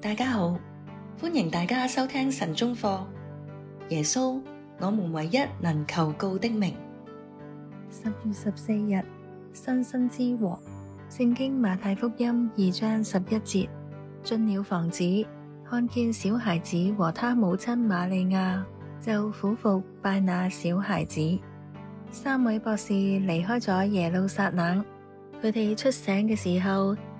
大家好，歡迎大家收聽晨鐘課。耶穌，我們唯一能求告的名。十月十四日，新生之王。聖經馬太福音二章十一節：進了房子，看見小孩子和他母親瑪利亞，就俯伏拜那小孩子。三位博士離開咗耶路撒冷，佢哋出省嘅時候。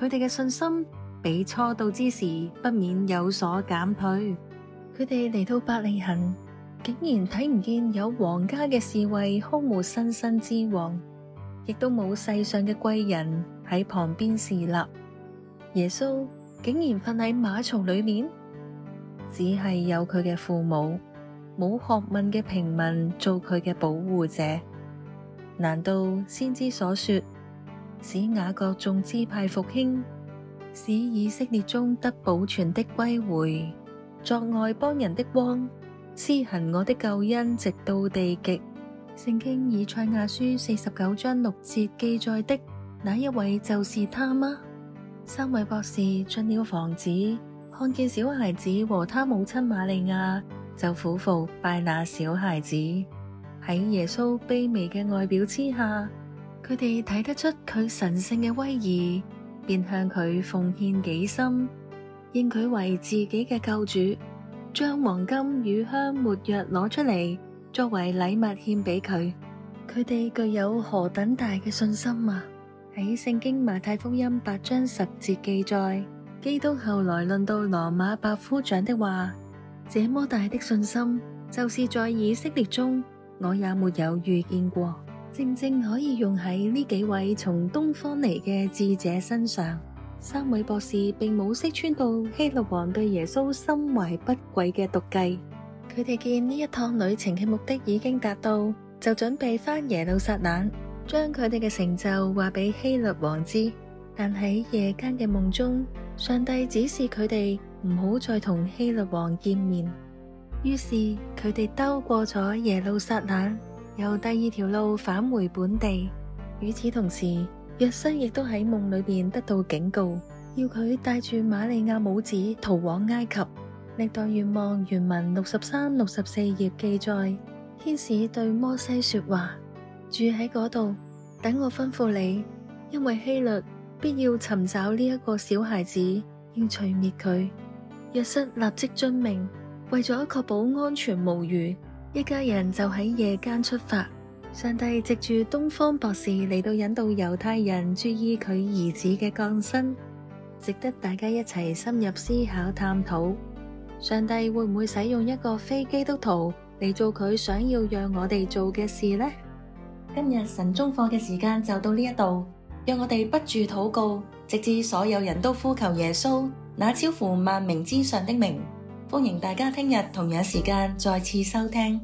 佢哋嘅信心比初到之時不免有所減退。佢哋嚟到伯利恆，竟然睇唔見有皇家嘅侍衛呵護新生之王，亦都冇世上嘅貴人喺旁邊侍立。耶穌竟然瞓喺馬槽裏面，只係有佢嘅父母，冇學問嘅平民做佢嘅保護者。難道先知所說？使雅各眾支派復興，使以色列中得保存的歸回，作外邦人的光，施行我的救恩直到地極。聖經以賽亞書四十九章六節記載的那一位就是他嗎？三位博士進了房子，看見小孩子和他母親瑪利亞，就俯伏拜那小孩子。喺耶穌卑微嘅外表之下，佢哋睇得出佢神聖嘅威儀，便向佢奉獻己心，認佢為自己嘅救主，將黃金與香末藥攞出嚟作為禮物獻俾佢。佢哋具有何等大嘅信心啊！喺聖經馬太福音八章十節記載，基督後來論到羅馬百夫長的話，這麼大的信心，就是在以色列中，我也沒有遇見過。正正可以用喺呢幾位從東方嚟嘅智者身上。三位博士並冇識穿到希律王對耶穌心懷不軌嘅毒計。佢哋見呢一趟旅程嘅目的已經達到，就準備翻耶路撒冷，將佢哋嘅成就話俾希律王知。但喺夜間嘅夢中，上帝指示佢哋唔好再同希律王見面。於是佢哋兜過咗耶路撒冷。由第二條路返回本地。與此同時，約瑟亦都喺夢裏邊得到警告，要佢帶住瑪利亞母子逃往埃及。歷代願望原文六十三、六十四頁記載，天使對摩西說話：住喺嗰度，等我吩咐你，因為希律必要尋找呢一個小孩子，要除滅佢。約瑟立即遵命，為咗確保安全無虞。一家人就喺夜間出發。上帝藉住東方博士嚟到引導猶太人注意佢兒子嘅降生，值得大家一齊深入思考探討。上帝會唔會使用一個非基督徒嚟做佢想要讓我哋做嘅事呢？今日神中課嘅時間就到呢一度，讓我哋不住禱告，直至所有人都呼求耶穌那超乎萬名之上的名。歡迎大家聽日同樣時間再次收聽。